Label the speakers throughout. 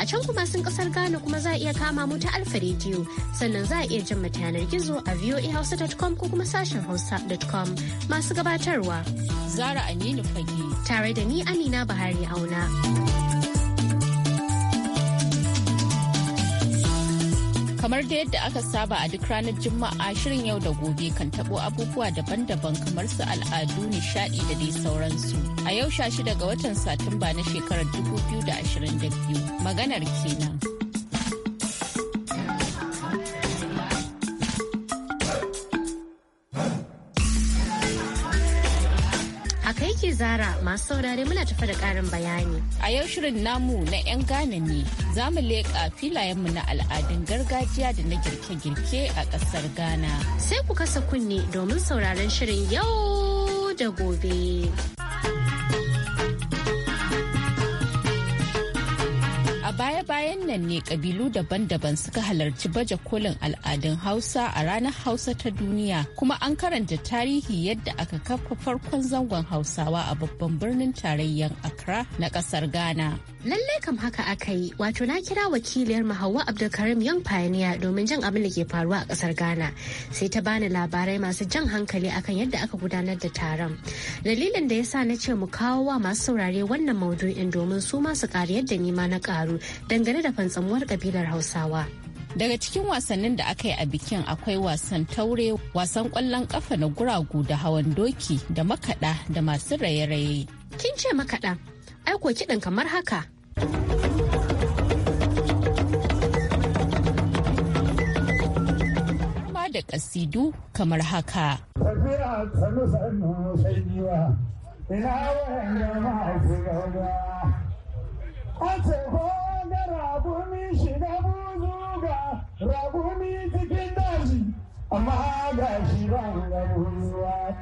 Speaker 1: A can kuma sun kasar Ghana kuma za a iya kama mu ta Alfa Radio sannan za a iya jin yanar gizo a voahausa.com ko kuma sashen hausa.com masu gabatarwa. Zara Aminu Fage. Tare da ni Amina Buhari Auna. Kamar da yadda aka saba
Speaker 2: a duk ranar Juma'a shirin yau da gobe kan tabo abubuwa daban-daban kamar su al'adu, nishadi da dai sauransu. A yau sha shida ga watan Satumba na shekarar da 2022 maganar kenan.
Speaker 1: Zara masu saurare muna tafi da ƙarin bayani. A yau shirin namu
Speaker 2: na 'yan Ghana ne za mu leƙa filayenmu na al'adun gargajiya da na girke-girke
Speaker 1: a ƙasar Ghana. Sai ku kasa kunne domin sauraron shirin yau da gobe.
Speaker 2: wannan ne kabilu daban-daban suka halarci baje kolin al'adun Hausa a ranar Hausa ta duniya kuma an karanta tarihi yadda aka kafa farkon zangon Hausawa a babban birnin tarayyar Accra na kasar Ghana.
Speaker 1: Lallai kam haka aka yi wato na kira wakiliyar Hauwa Abdulkarim yan Pioneer domin jan abin da ke faruwa a kasar Ghana sai ta bani labarai masu jan hankali akan yadda aka gudanar da taron. Dalilin da yasa na ce mu kawo wa masu saurare wannan maudu'in domin su ma su ƙari yadda nima na ƙaru dangane da gefen tsamuwar kabilar hausawa daga cikin wasannin da aka yi a
Speaker 2: bikin akwai wasan taure wasan kwallon kafa na guragu da hawan doki da makada da masu raye-raye kin ce makada aiko kiɗan kamar haka da kasidu kamar haka.
Speaker 3: Ina raƙumi shiga buzu ga raƙumi cikin daji amma ga shi ban ga buzuwa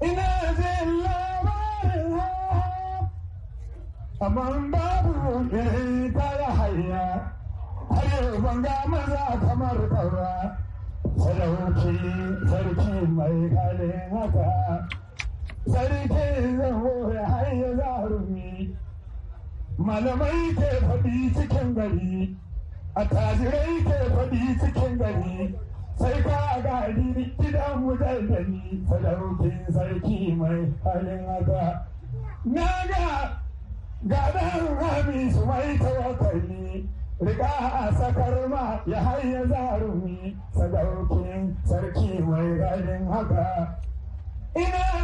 Speaker 3: ina jin labarin amma babu irin ta ya hanya har ban ga maza kamar ɗaura sadauki sarki mai kalin haka sarki zan hore har zarumi malamai ke faɗi cikin gari a tajirai ke faɗi cikin gari sai ka gari gidan mujallani sadaukin sarki mai halin haka na ga gadon mai su mai tawakkali riga a sakar ma ya hanya zarumi sadaukin sarki mai halin haka ina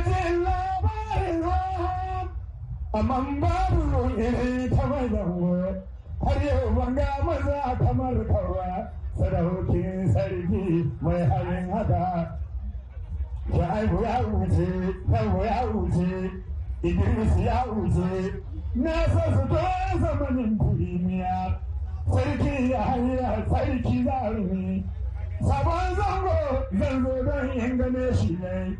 Speaker 3: amma babu irin ta mai zango har yau banga maza kamar kawa sadaukin sarki mai halin haka sha'aibu ya wuce kanwa ya wuce idris ya wuce na sa su to zamanin kurimiya sarki ya hanya sarki zarumi sabon zango zo don yin gane shi ne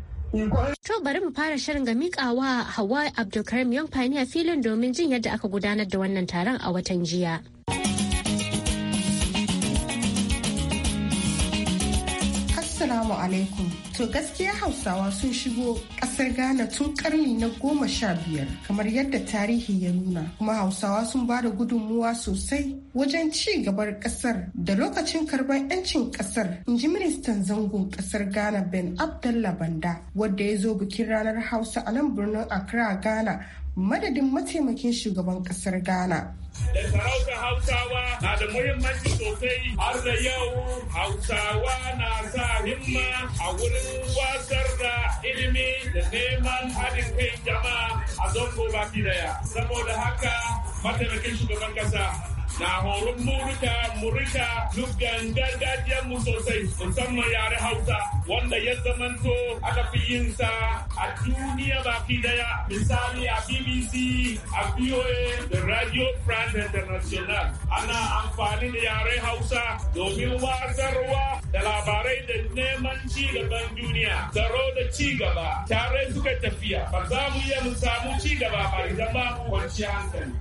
Speaker 3: To
Speaker 1: bari mu fara shirin ga mikawa Hawa Abdulkarim Young Pioneer filin domin jin yadda aka gudanar da wannan taron a watan jiya.
Speaker 4: Assalamu alaikum. To gaskiya Hausawa sun shigo ƙasar Ghana tun karni na goma sha biyar kamar yadda tarihi ya nuna. Kuma Hausawa sun ba da gudunmuwa sosai wajen ci gabar ƙasar da lokacin karɓar 'yancin ƙasar. In ji ministan zangon ƙasar Ghana Ben Abdallah Banda wadda ya zo bikin ranar Hausa a nan birnin Accra Ghana madadin mataimakin shugaban kasar ghana da sarauta hausawa na da muhimmanci
Speaker 5: sosai har da yau hausawa na sa himma a wurin wasar da ilimi da neman haɗin kai jama'a a zonko baki daya saboda haka mataimakin shugaban kasa na horon mu rika mu rika luggan mu sosai musamman yare hausa wanda ya zamanto aka fi yin sa a duniya baki daya misali a bbc a voa da radio france international ana amfani da yare hausa domin wazarwa da labarai da neman ci gaban duniya tsaro da ci gaba tare suka tafiya ba za mu iya mu samu ci gaba ba idan ba mu kwanciya hankali.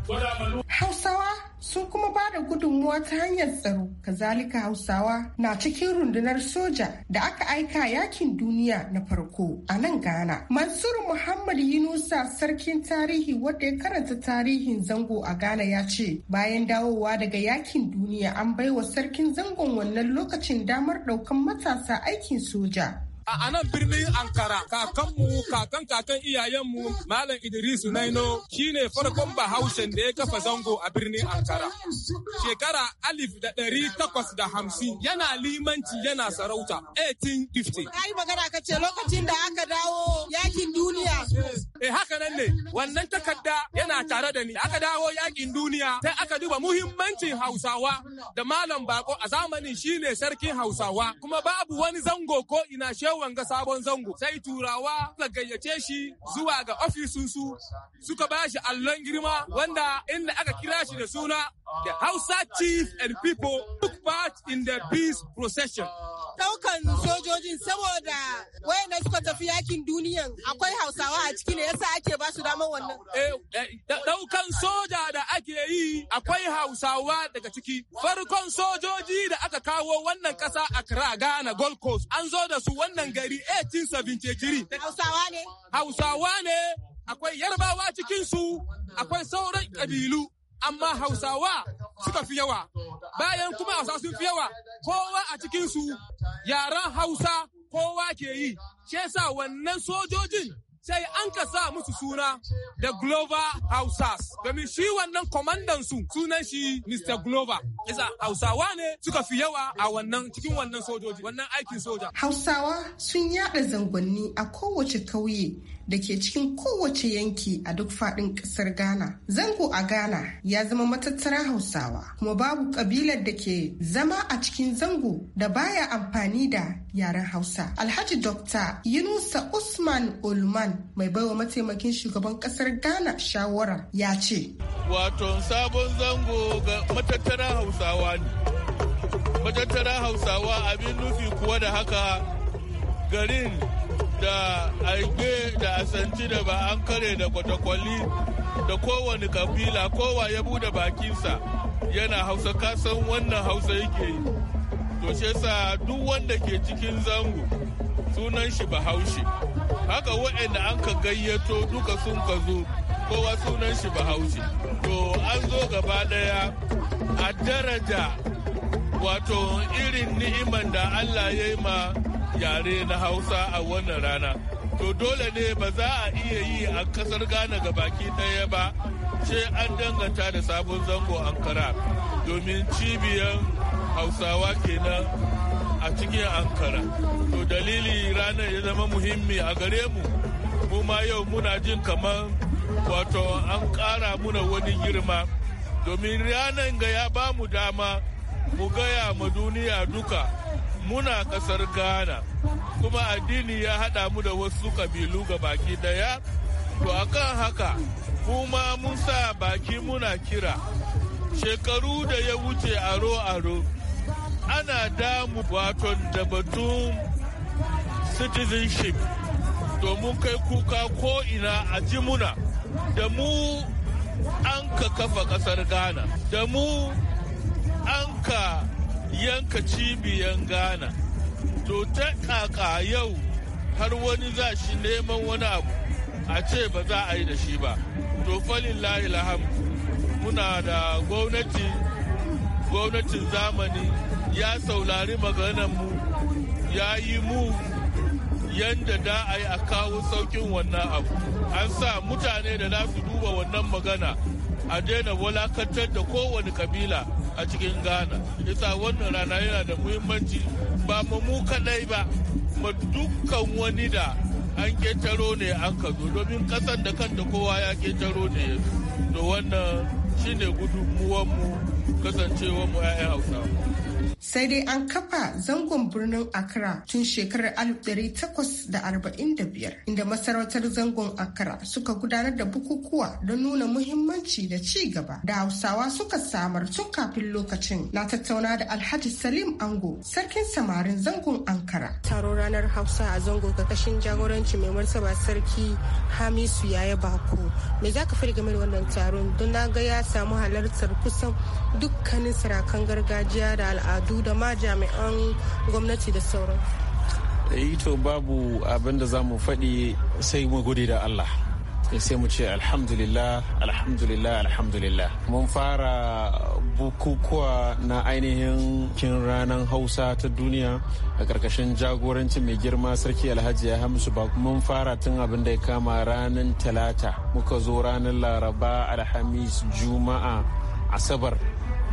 Speaker 4: Hausawa su kuma kuma ba da gudunmuwa ta hanyar tsaro kazalika hausawa na cikin rundunar soja da aka aika yakin duniya na farko a nan ghana mansur muhammad yunusa sarkin tarihi wanda ya karanta tarihin zango a ghana ya ce bayan dawowa daga yakin duniya an baiwa sarkin zangon wannan lokacin damar daukan matasa aikin soja
Speaker 6: a anan birnin Ankara kakanmu kakan kakan iyayenmu Malam Idris Naino shine farkon bahaushen da ya kafa zango a birnin Ankara. Shekara alif da ɗari takwas da hamsin yana limanci yana sarauta 1850. Ai
Speaker 4: magana ka ce lokacin da aka dawo yakin duniya.
Speaker 6: Eh haka nan ne wannan takarda yana tare da ni aka dawo yakin duniya sai aka duba muhimmancin Hausawa da Malam Bako a zamanin shine sarkin Hausawa kuma babu wani zango ko ina shehu yau sabon zango sai turawa da gayyace shi zuwa ga ofisinsu suka ba shi allon girma wanda inda aka kira shi da suna the hausa chief and people part in the peace procession.
Speaker 4: Daukan sojojin saboda na suka tafi yakin duniyan akwai hausawa a ciki ne yasa ake ba su damar wannan. Eh, eh, daukan soja da ake
Speaker 6: yi akwai hausawa daga ciki. Farkon sojoji da aka kawo wannan kasa Accra Ghana Gold Coast an zo da su wannan gari 1873. Hausawa ne? Hausawa ne akwai yarbawa cikinsu akwai sauran ƙabilu amma hausawa suka fi yawa bayan kuma a sun fi yawa kowa a cikinsu yaren hausa kowa ke yi shi yasa wannan sojojin sai an ka sa musu suna da Glover Hausas. Domin shi wannan kwamandan su sunan shi Mr. Glover. Isa Hausawa ne suka fi yawa a wannan cikin wannan sojoji, wannan aikin soja.
Speaker 4: Hausawa sun yaɗa zangonni a kowace kauye da ke cikin kowace yanki a duk faɗin ƙasar Ghana. Zango a Ghana ya zama matattara Hausawa, kuma babu ƙabilar da ke zama a cikin zango da baya amfani da yaren Hausa. Alhaji Dokta Yunusa Usman Ulman mai baiwa mataimakin shugaban kasar Ghana shawara ya ce.
Speaker 7: Wato sabon zango ga matattara Hausawa ne. Matattara Hausawa abin nufi kuwa da haka garin da aige da asanci da ba an kare da kwatakwali da kowane kabila kowa ya buɗe bakinsa yana hausa kasan wannan hausa yake yi to shi duk wanda ke cikin zango sunan shi bahaushe haka waɗanda an ka gayyato duka sun ka zo kowa sunan shi bahaushe to an zo gaba ɗaya a daraja wato irin ni'iman da allah ya yi ma yare na hausa a wannan rana to dole ne ba za a iya yi a kasar ghana ga baki ɗaya ba ce an danganta da sabon zango ankara domin cibiyar hausawa kenan a cikin ankara to dalili ranar ya zama muhimmi a gare mu mu ma yau muna jin kamar wato an kara muna wani girma domin ranar ga ya ba mu dama mu gaya ma duniya duka muna kasar ghana kuma addini ya haɗa mu da wasu kabilu ga baki daya to akan haka kuma mun sa baki muna kira shekaru da ya wuce aro-aro ana damu baton da batun citizenship domin kai kuka ko ina a ji muna da mu an ka kafa kasar ghana da mu an ka yanka cibiyan ghana to ta kaka yau har wani za shi neman wani abu a ce ba za a yi da shi ba to falin lahilaham muna da gwamnati gwamnatin zamani ya saurari mu ya yi mu yadda da a yi a kawo saukin wannan abu an sa mutane da za su duba wannan magana a daina walakantar da kowane kabila a cikin ghana isa wannan rana yana da muhimmanci ba mu mu kadai ba ma dukkan wani da an ketaro ne an ka zo domin kasar da kanta kowa ya ketaro ne da wannan shine gudunmuwanmu kasancewanmu 'ya'yan hausawa
Speaker 4: sai dai an kafa zangon birnin Accra tun shekarar 1845 inda masarautar zangon Accra suka gudanar da bukukuwa don nuna muhimmanci da ci gaba da Hausawa suka samar tun kafin lokacin na tattauna da Alhaji Salim Ango sarkin samarin zangon Ankara. Taro ranar Hausa a zango kakashin jagoranci mai martaba sarki Hamisu Yaya Bako. Me za ka fara game da wannan taron don na ga ya samu halartar kusan dukkanin sarakan gargajiya da al'adu da ma jami'an gwamnati da sauran
Speaker 8: eh, to babu abin da za mu faɗi sai mu gode da allah eh, sai mu ce alhamdulillah alhamdulillah alhamdulillah mun fara bukukuwa na ainihin kin ranar hausa ta duniya a ƙarƙashin jagoranci mai girma sarki alhaji ya hamsu ba mun fara tun abin da ya kama ranar talata muka zo ranar laraba alhamis juma'a asabar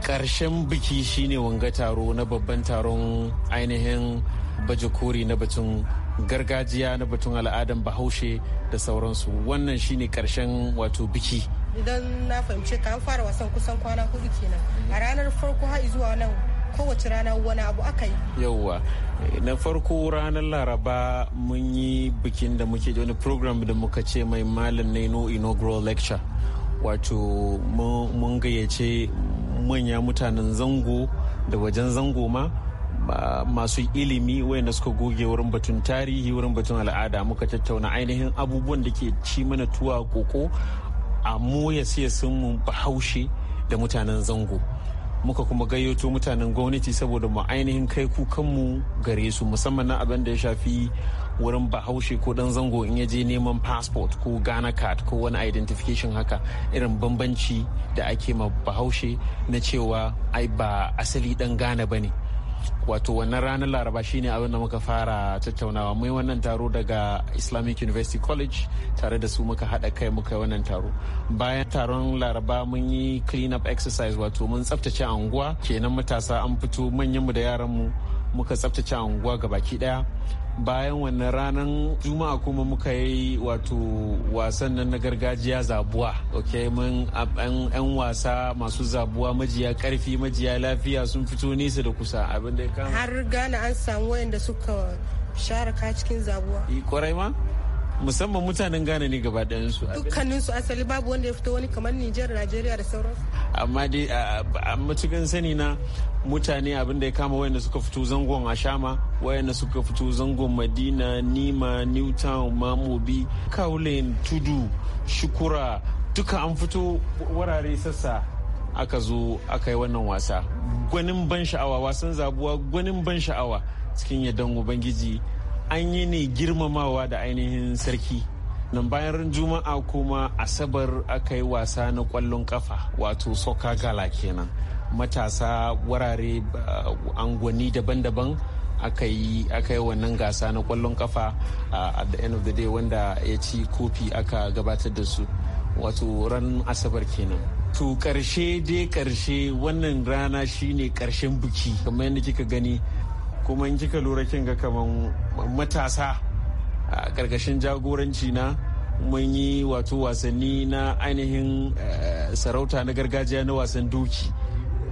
Speaker 8: karshen biki shine wanga taro na babban taron ainihin baje kori na batun gargajiya na batun al'adan bahaushe da sauransu wannan shine karshen wato biki
Speaker 4: idan na fahimci ka an fara wasan kusan kwana hudu kenan a ranar farko har zuwa nan kowace rana wani abu aka yi
Speaker 8: yauwa na farko ranar laraba mun yi bikin da muke wani program da muka ce mai malam na inaugural lecture wato mun gayyace manya mutanen zango da wajen zango ma masu ilimi wayanda suka goge wurin batun tarihi wurin batun al'ada muka tattauna ainihin abubuwan da ke ci mana tuwa koko a mu ya siya mu bahaushe da mutanen zango muka kuma gayyato mutanen gwamnati saboda mu ainihin kai kukanmu gare su musamman na abin da ya shafi wurin bahaushe ko dan zango in yaje neman passport ko ghana card ko wani identification haka irin bambanci da ake ma bahaushe na cewa ai ba asali dan ghana ba ne wato wannan ranar laraba shine abin da muka fara tattaunawa mai wannan taro daga islamic university college tare da su muka haɗa kai muka yi wannan taro bayan taron laraba mun yi clean up exercise wato mun tsaftace anguwa kenan matasa an fito manyanmu da yaranmu muka tsaftace anguwa ga baki daya bayan wannan ranar juma'a kuma muka yi wato wasan nan na gargajiya zabuwa ok mun yan wasa masu zabuwa majiya karfi majiya lafiya sun fito nesa da kusa abin da ya kama
Speaker 4: har gane an samu wayanda suka share ka cikin zabuwa
Speaker 8: kwarai eh, ma musamman mutanen Ghana ne gaba su. Dukkanin
Speaker 4: su asali babu wanda ya fito wani kamar Nijar, Najeriya da sauransu.
Speaker 8: Amma dai a matukan sani na mutane abin da ya kama wayanda suka fito zangon Ashama, wayanda suka fito zangon Madina, Nima, Newtown, Mamobi, Kaulin, Tudu, Shukura, duka an fito wurare sassa aka zo aka yi wannan wasa. Gwanin ban sha'awa, wasan zabuwa gwanin ban sha'awa cikin yadan Ubangiji. an yi ne girmamawa da ainihin sarki nan bayan juma'a kuma asabar aka yi wasa na kwallon kafa wato soka gala kenan matasa wurare uh, angwani daban-daban aka yi wannan gasa na kwallon kafa uh, at the end of the day wanda ya ci kofi aka gabatar da su wato ran asabar kenan to karshe dai karshe wannan rana shine karshen buki kamar yadda kika gani kuma in kika lura kin ga kaman matasa a karkashin jagoranci na mun yi wato wasanni na ainihin eh, sarauta na gargajiya na wasan doki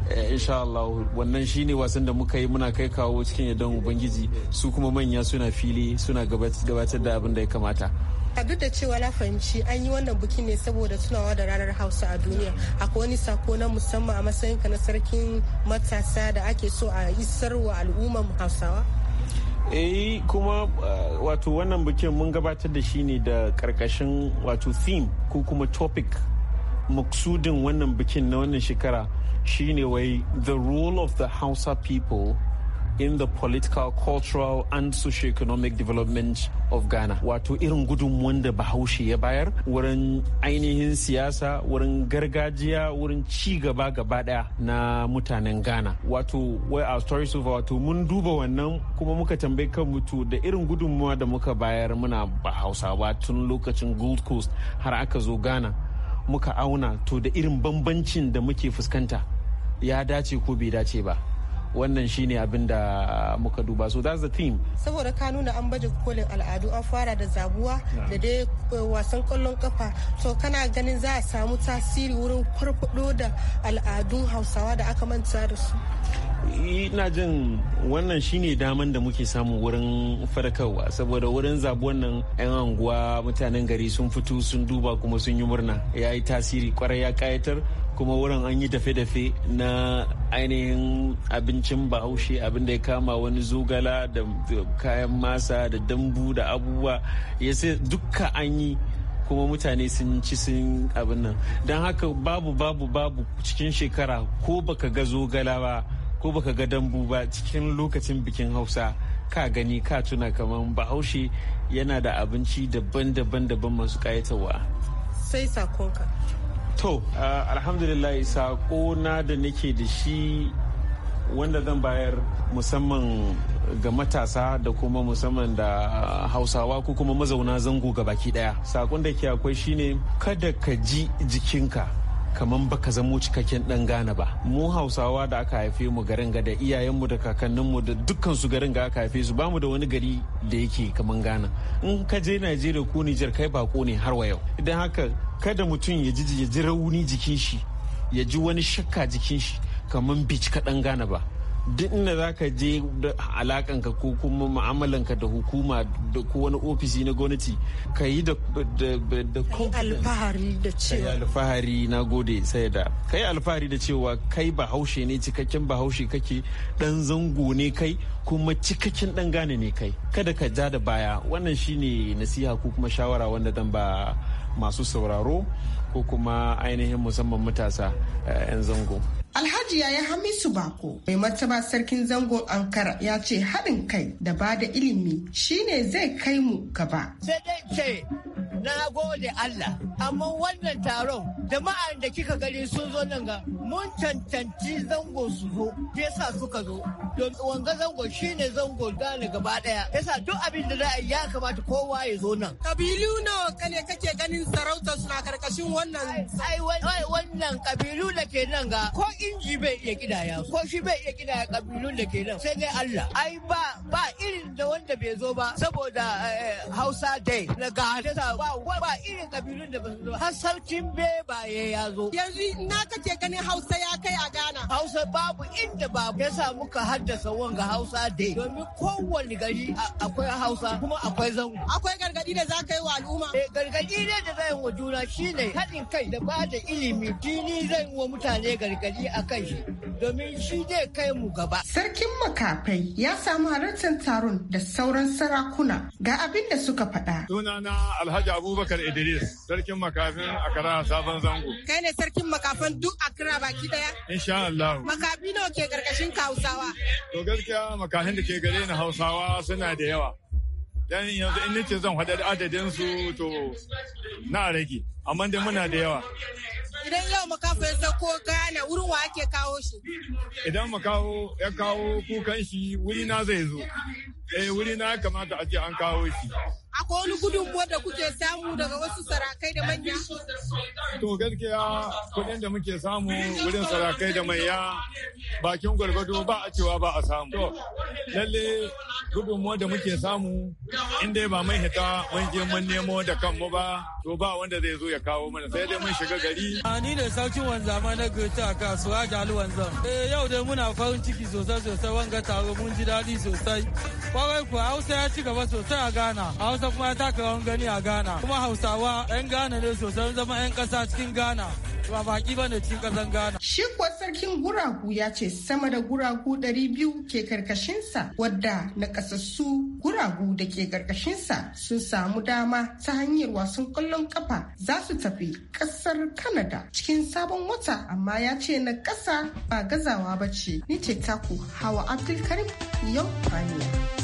Speaker 8: eh, insha Allah wannan shine wasan da muka yi muna kai kawo cikin yadon ubangiji su kuma manya suna fili suna gabatar da abin da ya kamata
Speaker 4: a duk da cewa na fahimci an yi wannan bikin ne saboda tunawa da ranar hausa a duniya akwai wani sako na musamman a matsayinka na sarkin matasa da ake so a isarwa al'ummar hausawa
Speaker 8: eh kuma eh, wato wannan bikin mun gabatar da shi ne da karkashin wato theme ko kuma topic maksudin wannan bikin na wannan shekara shine wai the role of the hausa people in the political, cultural and socio-economic development of Ghana. Wato irin gudunmuwan da Bahaushe ya bayar wurin ainihin siyasa, wurin gargajiya, wurin ci gaba gaba daya na mutanen Ghana. Wato wai our stories of wato mun duba wannan kuma muka tambayi kan mutu da irin gudunmuwa da muka bayar muna ba tun lokacin Gold Coast har aka zo Ghana. Muka auna to da irin bambancin da muke fuskanta ya dace ko bai dace ba. wannan shine abin da muka duba so that's the theme
Speaker 4: saboda ka nuna an baje kolin al'adu an fara da zabuwa da dai eh, wasan kallon kafa to kana ganin za a samu tasiri wurin farfado da al'adun hausawa da aka manta da su
Speaker 8: ina jin wannan shine daman da muke samu wurin farkarwa saboda wurin zabuwan nan 'yan anguwa mutanen gari sun fito sun duba kuma sun yi murna ya yi tasiri kwarai ya kayatar kuma wurin an yi dafe-dafe na ainihin abincin bahaushe abin da ya kama wani zogala da kayan masa da dambu da abubuwa ya sai dukka an yi kuma mutane sun ci sun abin nan don haka babu babu babu cikin shekara ko baka ga zogala ba ko baka ga dambu ba cikin lokacin bikin hausa ka gani ka tuna kamar bahaushe yana da abinci daban-daban daban masu kayatarwa
Speaker 4: sai sakonka
Speaker 8: to alhamdulillah sako na da nake da shi wanda zan bayar musamman ga matasa da kuma musamman da hausawa ko kuma mazauna zango ga baki daya sakon da ke akwai shine kada ka ji jikinka kamar baka zamo cikakken ɗan Ghana ba. Mu Hausawa da aka haife mu garin ga da iyayenmu da kakanninmu da dukkan su garin ga aka haife su bamu da wani gari da yake kamar Ghana. In ka je Najeriya ko Nijar kai bako ne har wa yau. Idan haka kada mutum ya ji rauni jikin shi ya ji wani shakka jikin shi kamar bici kaɗan Ghana ba. duk inda za ka je alakanka ko kuma mu'amalanka da hukuma da ko wani ofisi na gwamnati ka yi da alfahari na gode sai da yi alfahari da cewa kai bahaushe ne cikakken bahaushe kake dan zango ne kai kuma cikakken dan gane ne kai kada ka ja da baya wannan shine nasiha ko kuma shawara wanda dan ba masu sauraro ko kuma ainihin musamman matasa eh, 'yan zango
Speaker 4: Alhaji Yaya Hamisu Bako, mai martaba sarkin zangon Ankara ya ce haɗin
Speaker 3: kai da ba da ilimi shine zai kai mu gaba. Sai dai ce, na gode Allah, amma wannan taron jama'ar da kika gani sun zo nan ga mun cancanci zango su zo yasa suka zo don wanga zango shine zango gane gaba daya yasa duk abin da za a ya kamata kowa ya zo nan kabilu na kane kake ganin sarauta suna karkashin wannan ai wannan kabilu da ke nan ga ko inji bai iya kidaya ko shi bai iya kidaya kabilu da ke nan sai dai Allah ai ba ba irin da wanda bai zo ba saboda eh, Hausa dai na ga ba irin kabilun da ba su zo har sarkin ba. waye ya zo yanzu na kake ganin hausa ya kai a ghana hausa babu inda babu Ya yasa muka haddasa wanga hausa dai domin kowane gari akwai hausa kuma akwai zango akwai gargadi da za ka yi wa al'umma eh gargadi ne da zai wa juna shine haɗin kai da ba da ilimi dini zai wa mutane gargadi a kan shi domin shi zai kai mu gaba sarkin makafai ya samu halartar
Speaker 4: taron da sauran sarakuna ga abin da suka faɗa sunana
Speaker 3: alhaji abubakar idris sarkin makafin a kara sabon zango.
Speaker 4: Kai ne sarkin makafan duk Accra baki daya?
Speaker 3: Insha Allah.
Speaker 4: Makafi nawa ke karkashin Hausawa?
Speaker 3: To gaskiya makafin da ke gare ni Hausawa suna da yawa. Dan yanzu in nace zan hada adadin su to na rage. Amma dai muna da yawa.
Speaker 4: Idan yau makafa ya sauko gane wurin wa ake kawo shi?
Speaker 3: Idan makawo ya kawo kukan shi wuri na zai zo. Eh wuri na kamata a ce an kawo shi.
Speaker 4: Akwai wani gudunmuwa da kuke samu daga wasu sarakai da manya?
Speaker 3: To gaskiya kuɗin da muke samu wurin sarakai da manya bakin gwargwado ba a cewa ba a samu. Lalle gudunmuwa da muke samu inda ba mai hita mun je mun nemo da kanmu ba to ba wanda zai zo ya kawo mana sai dai mun shiga gari.
Speaker 7: Ah, ni ne saukin wanzama na Goethe a kasuwa Jalu wanzan. Eh, yau dai muna farin ciki sosai sosai wanga taro mun ji daɗi sosai. Kwarai kuwa Hausa ya ci gaba sosai a Ghana. Hausa Hausa kuma ya taka rawan gani a Ghana. Kuma Hausawa 'yan Ghana ne sosai zama 'yan ƙasa cikin Ghana. Ba baki ba ne cikin ƙasar Ghana. Shi
Speaker 4: kuwa sarkin guragu ya ce sama da guragu biyu ke karkashinsa wadda na ƙasassu guragu da ke karkashinsa sun samu dama ta hanyar wasan ƙwallon ƙafa za su tafi ƙasar Canada cikin sabon wata amma ya ce na ƙasa ba gazawa ba ce. Ni ce taku Hawa Abdulkarim yau Faniya.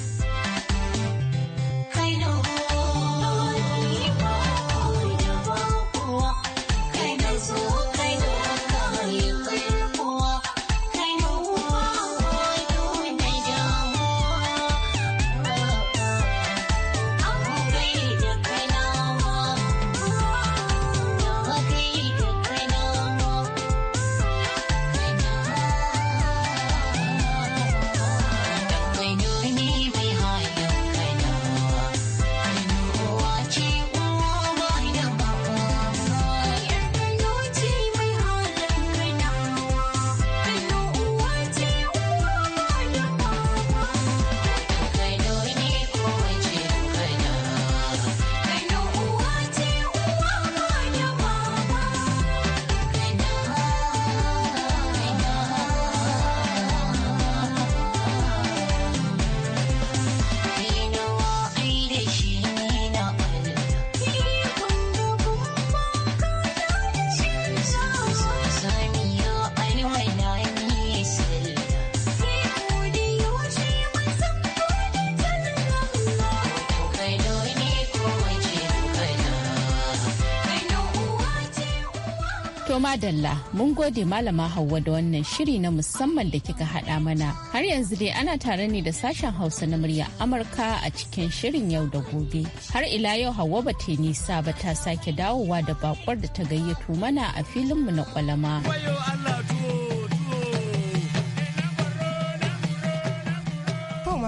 Speaker 2: To madalla mun gode malama Hauwa da wannan shiri na musamman da kika haɗa mana. Har yanzu dai ana tare ne da sashen Hausa na murya Amurka a cikin shirin yau da gobe. Har ila yau Hauwa ba ta nisa ba ta sake dawowa da bakwar da ta gayyato mana a filinmu na kwalama.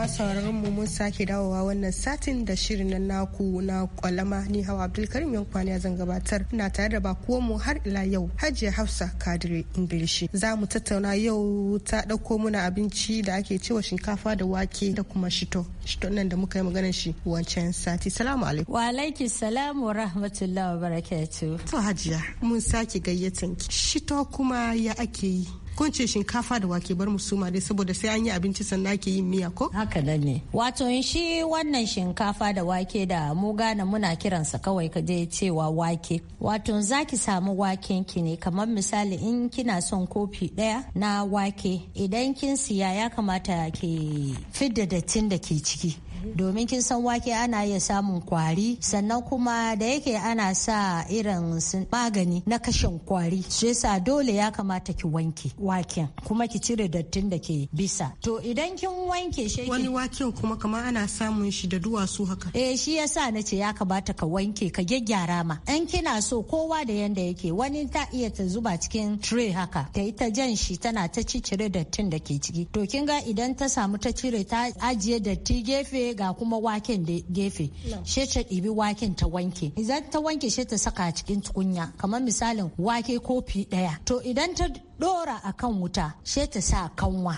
Speaker 4: sauraron mu mun sake dawowa wannan satin da shirin na naku na kwalama ni hawa Abdulkarim yan kwani zan gabatar na tare da bakuwan mu har ila yau Hajiya Hafsa Kadire Ingilishi. Za mu tattauna yau ta dauko muna abinci da ake cewa shinkafa da wake da kuma shito. shi nan da muka yi maganar shi wancan sati salamu alaikum wa alaiki salam wa rahmatullahi wa barakatu to hajiya mun sake gayyatan ki shito kuma ya ake yi kun ce shinkafa da wake bar musuma dai saboda sai an yi abinci sannan ake yin miya ko haka nan ne
Speaker 9: wato shi wannan shinkafa da wake da mu gane muna kiransa kawai ka je cewa wake wato zaki samu waken ki ne kamar misali in kina son kofi ɗaya na wake idan kin siya ya kamata ki fidda dattin da ke ci ciki domin kin san wake ana iya samun kwari sannan kuma da yake ana sa irin magani na kashin kwari shi yasa dole ya kamata ki wanke waken kuma ki cire dattin da ke bisa to idan kin wanke shi wani waken kuma kamar ana samun shi da duwatsu haka eh shi yasa na ce ya kamata ka wanke ka gyaggyara ma in kina so kowa da yanda yake wani ta iya ta zuba cikin tray haka ta yi ta jan shi tana ta cire dattin da ke ciki to kin ga idan ta samu ta cire ta ajiye datti gefe ga kuma waken da gefe she ta ɗibi waken ta wanke idan ta wanke she ta saka cikin tukunya kamar misalin wake kofi ɗaya to idan ta dora a kan wuta she ta sa kanwa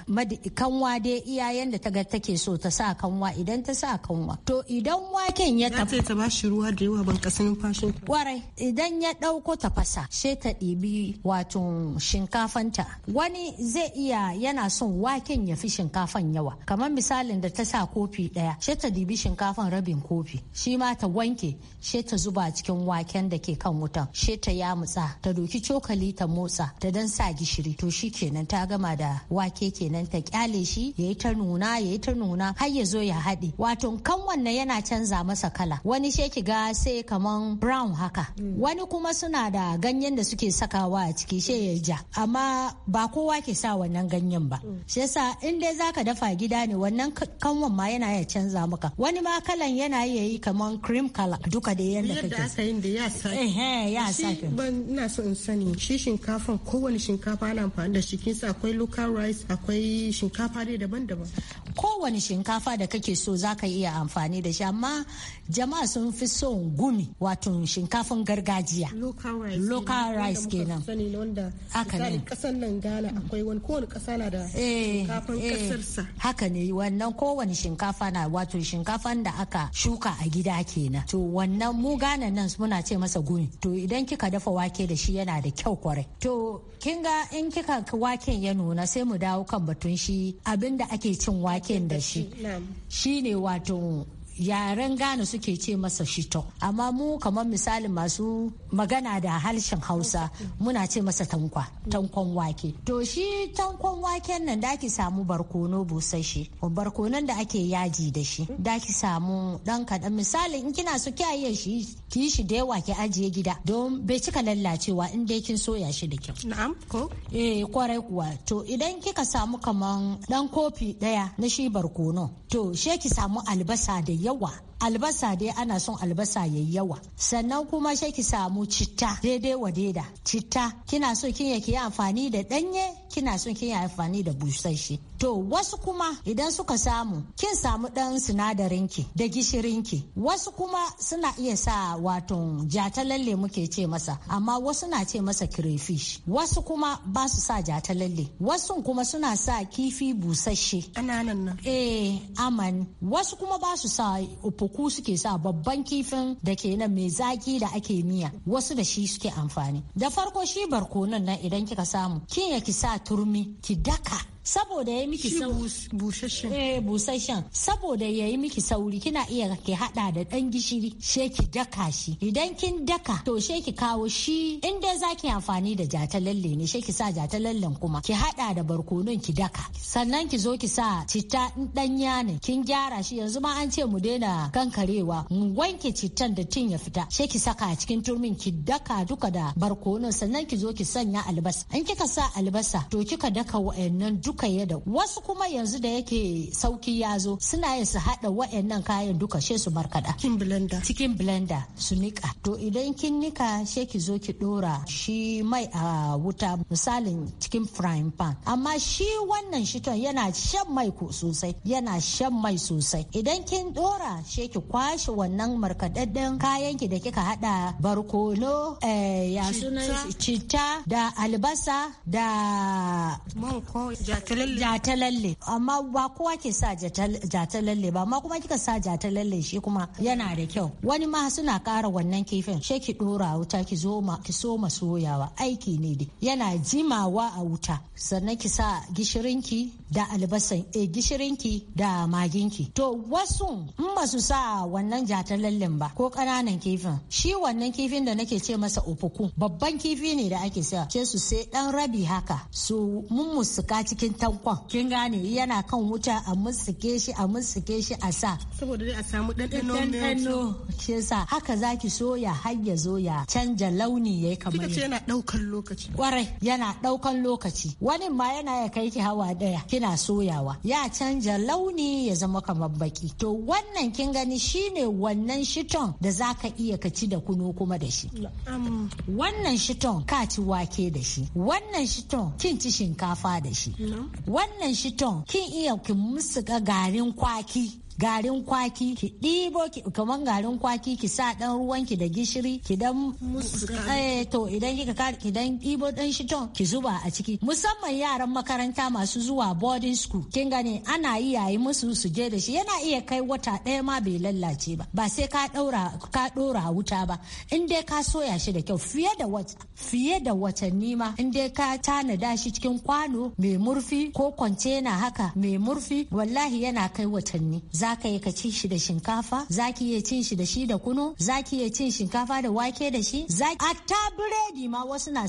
Speaker 9: kanwa dai iyayen da ta ga take so ta sa kanwa idan ta sa kanwa to idan waken ya ta ta
Speaker 4: ba shi ruwa da yawa ban kasan fashin
Speaker 9: kwarai idan ya dauko ta fasa she ta ɗibi wato shinkafanta wani zai iya yana son waken ya fi shinkafan yawa kamar misalin da ta sa kofi daya she ta ɗibi shinkafan rabin kofi shi ma ta wanke she ta zuba cikin waken da ke kan wutan she ta yamutsa ta doki cokali ta motsa ta dan sa gishiri gishiri to shi kenan ta gama da wake kenan ta kyale shi ya yi ta nuna ya yi ta nuna har ya zo ya haɗe wato kan wannan yana canza masa kala wani sheki ga sai kaman brown haka mm. wani kuma suna da ganyen da suke sakawa a ciki she ya ja amma ba kowa ke sa wannan ganyen ba mm. shi yasa in dai zaka dafa gida ne wannan kanwan ma yana ya canza maka wani ma kalan yana ya yi kaman cream color duka da yanda kake yadda
Speaker 4: aka yin da ya eh, eh, ya sa ban ina so in sani shi shinkafan kowane shinkafa shinkafa ana amfani da shi kin sa akwai local rice akwai shinkafa ne daban-daban kowane shinkafa da kake
Speaker 9: so zaka iya amfani da shi amma jama'a sun fi son gumi wato shinkafin gargajiya
Speaker 4: local rice kenan haka ne kasan nan gala akwai wani kowane kasa na da eh, shinkafan kasarsa
Speaker 9: eh. haka ne wannan kowane shinkafa na wato shinkafan da aka shuka a gida kenan to wannan mu gana nan muna ce masa gumi to idan kika dafa wake da shi yana da kyau kwarai to kin ga in kika waken ya nuna sai mu dawo kan batun shi abinda ake cin waken da shi shine wato yaren Ghana suke ce masa shito amma mu kamar misali masu magana da harshen Hausa muna ce masa tankwa tankon wake to shi tankon waken nan da ki samu barkono busasshe barkonon da ake yaji da shi da ki samu dan kaɗan misali in kina so kiyaye shi ki shi da yawa ki ajiye gida don bai cika lallacewa in dai kin soya shi da kyau na'am ko eh kwarai kuwa to idan kika samu kaman dan kofi daya na shi barkono to she ki samu albasa da yawa albasa dai ana son albasa yayi yawa sannan kuma sai ki samu citta daidai wa daida citta kina so kin yake yi amfani da danye kina so kin yi amfani da busasshe to wasu kuma idan suka samu kin samu dan sinadarin ki da gishirin ki wasu kuma suna iya sa wato jatalalle muke ce masa amma wasu na ce masa crayfish wasu kuma ba su sa jatalalle wasu kuma suna sa kifi busasshe Ana nan eh aman wasu kuma ba su sa upo fuku suke sa babban kifin da ke nan mai zaki da ake miya wasu da shi suke amfani da farko shi barkonon nan idan kika samu kin ya ki sa turmi ki daka saboda ya miki eh, busasshen saboda ya miki sauri kina iya ki hada da dan gishiri she ki daka shi idan kin daka to she ki kawo shi in dai zaki amfani da jatalalle ne she ki sa jatalallen kuma ki hada da barkonon ki daka sannan ki zo ki sa citta danya ne kin gyara shi yanzu ma an ce mu daina kankarewa mu wanke cittan da tin ya fita she ki saka a cikin turmin ki daka duka da barkonon sannan ki zo ki sanya albasa in kika sa albasa to kika daka wa'annan duk duka ya wasu kuma yanzu da yake sauki ya zo suna yin su haɗa wa'annan kayan duka she su markaɗa cikin blender cikin blender su nika to idan kin nika she ki zo ki dora shi mai a wuta misalin cikin frying pan amma shi wannan shiton yana shan mai ko sosai yana shan mai sosai idan kin dora she ki kwashe wannan markaɗaɗɗen kayan ki da kika haɗa barkono eh, ya da albasa da
Speaker 4: jatalalle
Speaker 9: amma ba kowa ke sa jatalalle ba amma kuma kika sa jatalalle shi kuma yana da kyau wani ma suna kara wannan kifin she ki dora wuta ki zo ma ki so ma soyawa aiki ne dai yana jimawa a wuta sannan ki sa gishirinki da albasan e gishirinki da maginki to wasu in ba su sa wannan jatalallen ba ko ƙananan kifin shi wannan kifin da nake ce masa ofuku babban kifi ne da ake sa ce su sai dan rabi haka su mummusuka cikin tankon kin gane yana kan wuta a mutsike shi a mutsike shi a sa
Speaker 4: saboda dai a samu ɗanɗano
Speaker 9: shi yasa haka zaki soya har ya zo ya canja launi yayi kamar ce yana
Speaker 4: ɗaukan lokaci
Speaker 9: kwarai yana ɗaukan lokaci wani ma yana ya kai ki hawa ɗaya kina soyawa ya canja launi ya zama kamar baki to wannan kin gani shine wannan shiton da zaka iya ka ci da kuno kuma da shi wannan shiton ka ci wake da shi wannan shiton kin ci shinkafa da shi Wannan shiton kin iya ki musu garin kwaki garin kwaki ki ɗibo kaman garin kwaki ki sa ɗan ruwanki da gishiri ki dan eh, to idan kika ki dan ɗibo ɗan shiton ki zuba a ciki musamman yaran makaranta masu zuwa boarding school kin gane ana yi yayi musu su je da shi yana iya kai wata ɗaya ma bai lallace ba ba sai ka ɗaura ka ɗora wuta ba in dai ka soya shi da kyau fiye da wata fiye da watanni ma in dai ka tanada shi cikin kwano mai murfi ko kwantena haka mai murfi wallahi yana kai watanni za za ka yi ka shi da shinkafa za ki iya cin shi da shi da kuno za ki iya cin shinkafa da wake da shi a ta biredi ma wasu na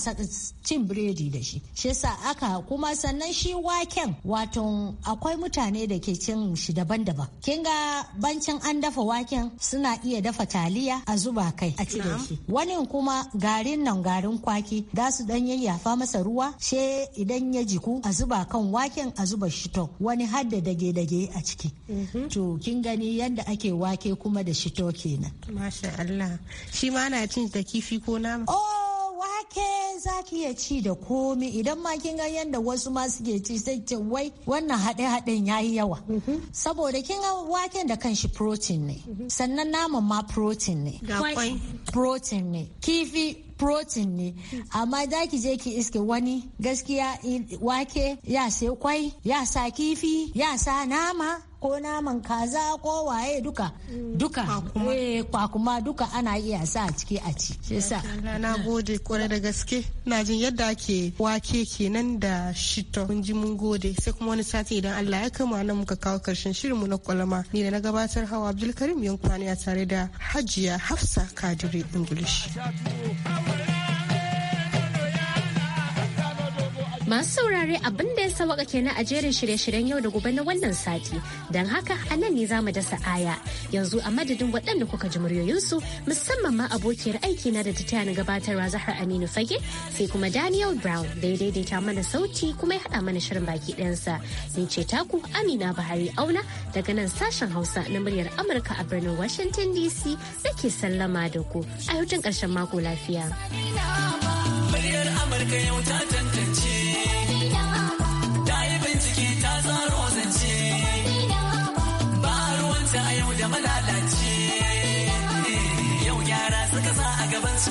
Speaker 9: cin biredi da shi shi sa aka kuma sannan shi waken wato akwai mutane da ke cin shi daban-daban kin ga bancin an dafa waken suna iya dafa taliya a zuba kai a ci da shi wani kuma garin nan garin kwaki za su dan yayyafa masa ruwa she idan ya jiku a zuba kan waken a zuba shi to wani har da dage-dage a ciki mhm. to kin gani yadda ake wake kuma da shito kenan
Speaker 4: masha Allah
Speaker 9: shi ma ana cin da
Speaker 4: kifi ko nama oh
Speaker 9: wake za ki iya ci da komi idan ma kin gan yadda wasu ma suke ci sai ce wai wannan haɗe haɗen ya yi yawa mm-hmm. saboda kin ga waken da kanshi protein ne mm-hmm. sannan naman ma protein ne protein ne kifi protein ne amma za ki je ki iske wani gaskiya wake ya sai kwai ya sa kifi ya sa nama ko naman kaza ko waye duka duka kwakuma eh, duka ana iya sa a ciki a ci shi
Speaker 4: sa na gode kwarai da gaske na jin yadda ake wake kenan da shito mun ji mun gode sai kuma wani sati idan Allah ya kama nan muka kawo karshen shirinmu na kwalama ni da na gabatar hawa Abdulkarim Yankwani tare da Hajiya Hafsa Kadiri English. Masu saurare
Speaker 1: abin da ya sawaka kenan a jerin shirye-shiryen yau da gobe na wannan sati. Don haka a nan ne zamu dasa aya. Yanzu a madadin waɗanda kuka ji muryoyinsu musamman ma abokiyar aiki na da ta taya na gabatarwa Zahra Aminu Fage sai kuma Daniel Brown da ya daidaita mana sauti kuma ya haɗa mana shirin baki ɗayansa. Ni ce taku Amina Bahari Auna daga nan sashen Hausa na muryar Amurka a birnin Washington DC ke sallama da ku. A hutun ƙarshen mako lafiya.
Speaker 3: Muryar Amurka yau ta tantance ta yau da malalaci yau yara suka sa a gabansu